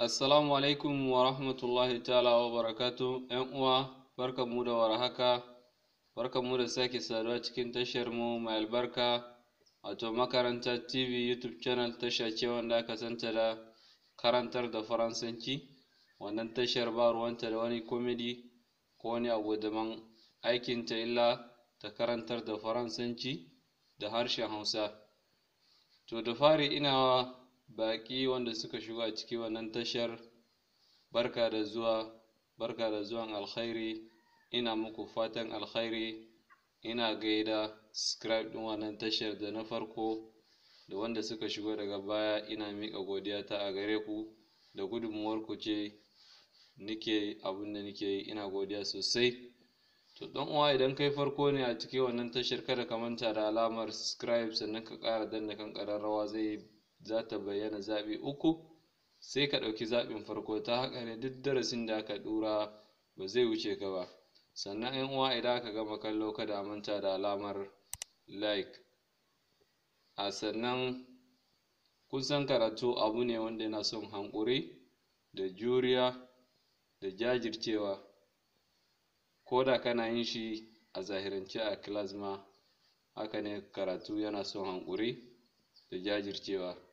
Assalamu alaikum wa rahmatullahi ta'ala wa barakatu ‘yan uwa, mu da warhaka, mu da sake saduwa cikin tashar mu mai albarka, wato makaranta TV YouTube channel tasha ce wanda aka santa da karantar da Faransanci, wannan tashar ba ruwanta da wani komedi ko wani abu daban aikinta illa ta karantar da Faransanci da harshen Hausa. To da fari ina baƙi wanda suka shigo a ciki wannan tashar barka da zuwa barka da zuwan alkhairi ina muku fatan alkhairi ina gaida subscribe ɗin wannan tashar da na farko da wanda suka shigo daga baya ina miƙa godiya ta a gare ku da ku ce nike abin da nike yi ina godiya sosai to ɗan uwa idan kai farko ne a cikin wannan tashar kada ka manta da alamar subscribe sannan ka ƙara danna kan ƙararrawa zai za ta bayyana zaɓi uku sai ka ɗauki zaɓin farko ta haka ne duk darasin da aka ɗura ba zai wuce ka ba sannan yan uwa idan aka gama kallo da manta da alamar like a sannan kun karatu abu ne wanda yana son hankuri da juriya da jajircewa ko da kana yin shi a zahirance a kilas ma haka ne karatu yana son hankuri da jajircewa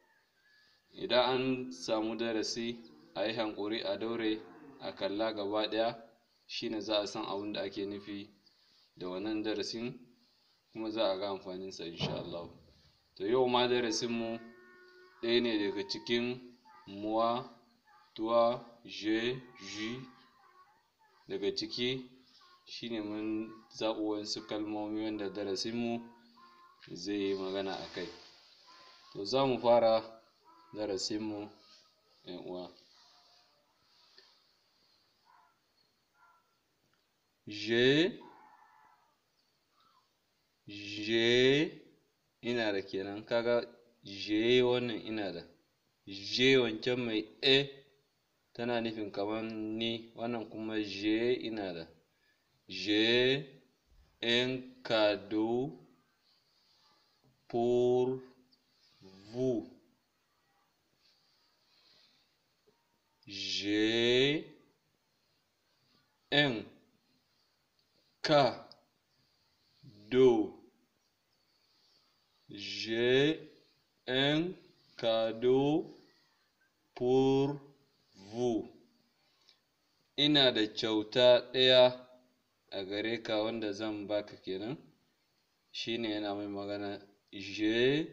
idan an samu darasi a yi hankuri a daure a kalla gaba ɗaya shine za a san abin da ake nufi da wannan darasin kuma za a ga amfaninsa insha Allah to yau ma darasinmu ɗaya ne daga cikin muwa, tuwa je je daga ciki shine mun zaɓo wasu kalmomi wanda darasinmu zai yi magana a kai to za mu fara darasinmu ‘yan uwa. Je, je ina da kenan ka ga je wannan ina da, je wancan mai e tana nufin kamar ni wannan kuma je ina da. Je en cadeau pour vous. G N K do pour vous. Ina da kyauta ɗaya a gare ka wanda zan baka kenan. shine yana mai magana je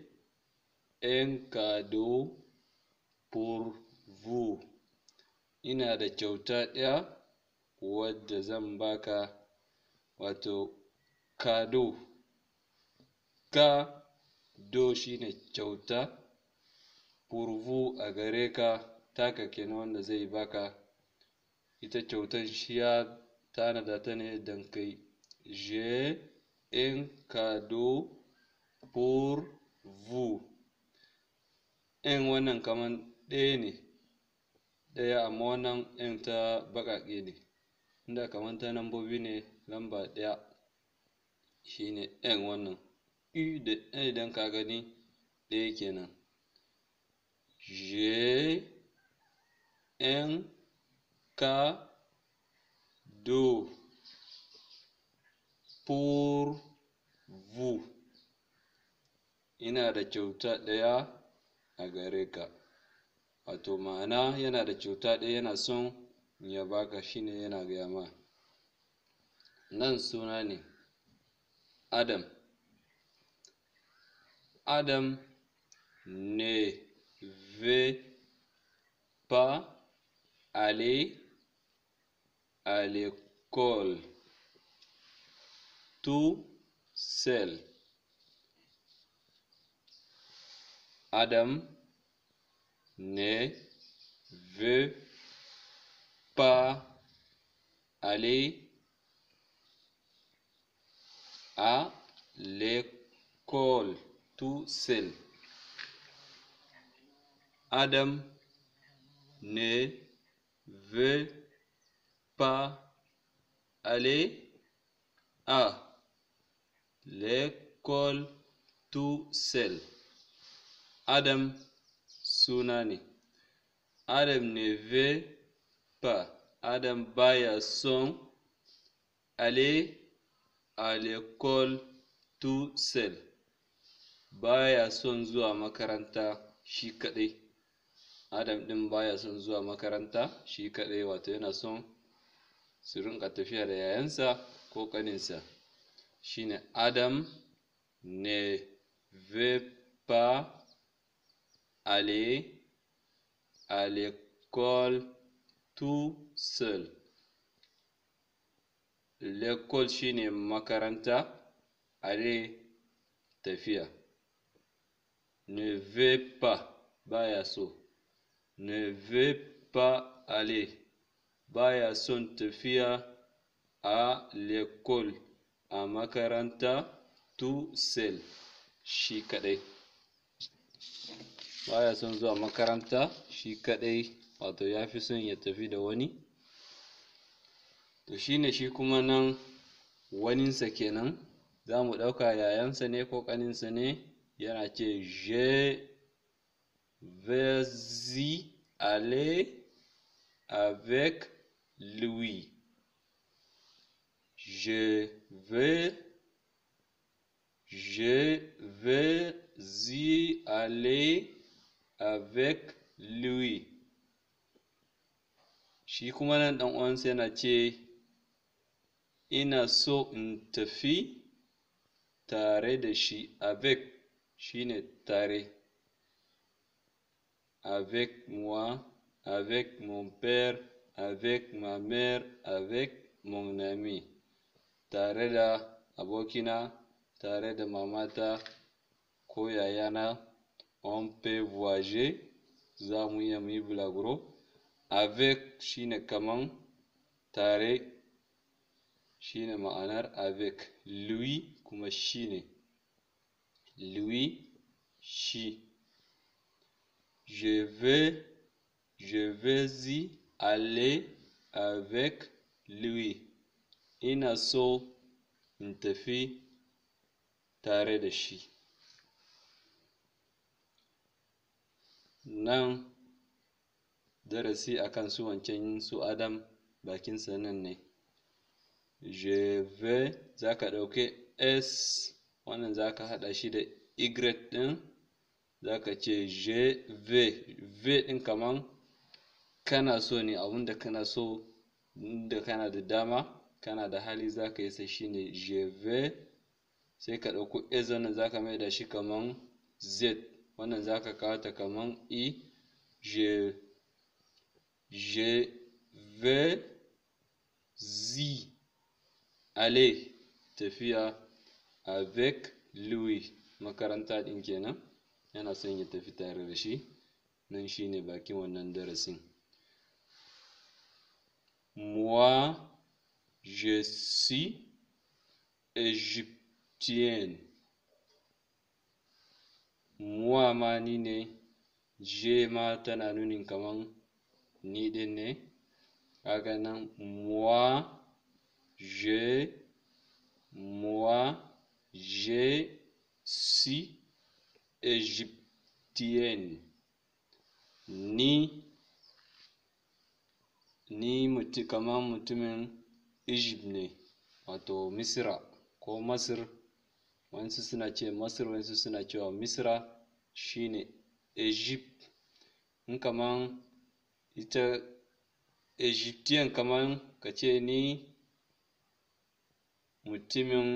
un cadeau pour vous ina da kyauta ɗaya wadda zan baka wato kado kado shine kyauta kurvu a gare ka taka kenan wanda zai baka ita kyautar shi ya tanada ta ne don kai je in kado pour in wannan kaman ɗaya ne ɗaya amma wannan ɗin ta baƙaƙe ne inda kamar ta lambobi ne lamba ɗaya shine ɗin wannan i da ɗin idan ka gani ɗaya kenan j n k do pour ina da kyauta ɗaya a gare ka wato ma'ana yana da kyauta ɗaya yana son ya baka shine yana gaya ma nan suna ne adam adam ne ve pa. ale à l'école tu sel. Adam ne veut pas aller à l'école tout seul. Adam ne veut pas aller à l'école tout seul. Adam suna ne Adam ne ve Adam baya son ale a l'école tout seul baya son zuwa makaranta shi kadai, Adam ɗin baya son zuwa makaranta shi kadai wato yana son su rinka tafiya da yayansa ko ƙaninsa shine Adam ne ve aller à l'école tout seul. L'école shine makaranta, aller tafiya. Ne veut pas, bayaso Ne veut pas aller, baya son tafiya à l'école, à makaranta tout seul, shi kadai. baya son zuwa makaranta shi kadai wato ya fi son ya tafi da wani to shine shi kuma nan waninsa kenan za mu ɗauka yayansa ne ko ƙaninsa ne yana ce je vezi ale avec lui je vais je vais avec lui shi kuma nan ɗan uwansa yana ce ina so in tafi tare da shi avec shine tare avec moi avec mon père avec ma mère avec mon ami tare da abokina tare da mamata ko yayana on peut voyager za chine avec Chine kaman tare shine avec lui comme chine lui chi je vais je vais y aller avec lui ina so tare de chi nan darasi akan su wancan su adam bakinsa nan ne je ve za ka ɗauki s wannan za ka haɗa shi da y ɗin za ka ce je ve vais ɗin kaman kana so ne abinda kana so da kana da dama kana da hali za ka yi sa shi ne je ve sai ka ɗauko s wannan za ka maida shi kaman z wannan za ka kawo ta kaman i je je ve zi ale tafiya avec louis makaranta ɗin kenan yana son ya tafi tare da shi nan shine bakin wannan darasin moi je suis égyptienne Muwa ma ni ne, je ma tana nunin kaman ni ɗin ne, kaga nan muwa, je, moi, je suis égyptienne. Ni, ni mutu kaman mutumin Egypt ne, wato Misira ko Masir. wayansu suna ce masar wayansu suna cewa misra shine egypt in kaman ita egyptian kaman ka ce ni mutumin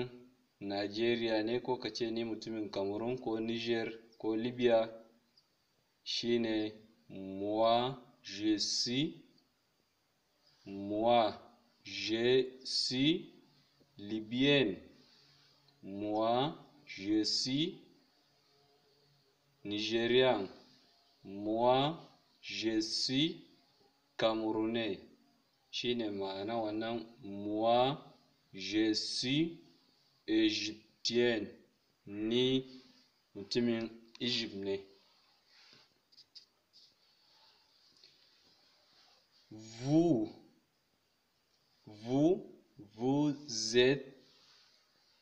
nigeria ne ko ka ce ni mutumin cameroon ko niger ko libya shine moi je suis moi je suis libyen Moi, je suis nigérien. Moi, je suis camerounais. Shine ma'ana wannan moi, je suis egyptienne. Ni mutumin Egypt ne. Vous, vous, vous êtes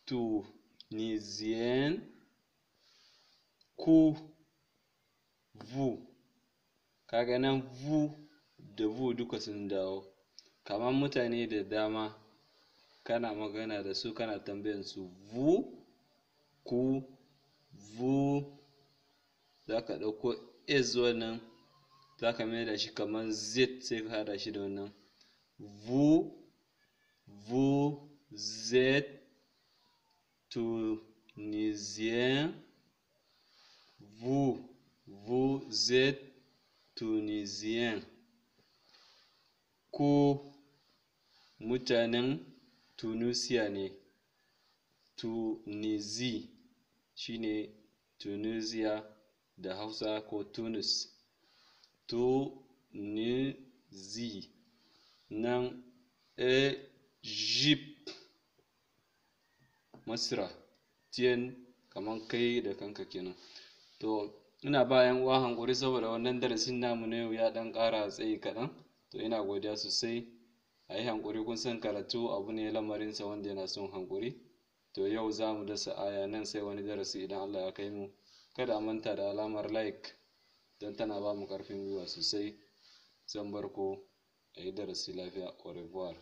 tunisienne ku vu kaga nan vu da vu duka sun dawo Kaman mutane da dama kana magana da su kana tambayan su vu ku vu za ka ɗauko s wannan za ka mai da shi kamar z sai ka hada shi da wannan vu vu z Tunisiens, vous, vous êtes tunisien Ku mutanen tunisia ne, Tunisi shi ne Tunisia da Hausa ko Tunis. Tunisi nan Egypt masira tiyan kaman kai da kanka kenan to ina ba yan uwa hankuri saboda wannan darasin namu na yau ya dan ƙara tsayi kaɗan to ina godiya sosai a yi hankuri kun san karatu abu ne lamarinsa wanda yana son hankuri to yau za mu dasa aya nan sai wani darasi idan allah ya kai mu kada a manta da alamar like don tana ba mu ƙarfin gwiwa sosai zan bar ku a yi darasi lafiya au revoir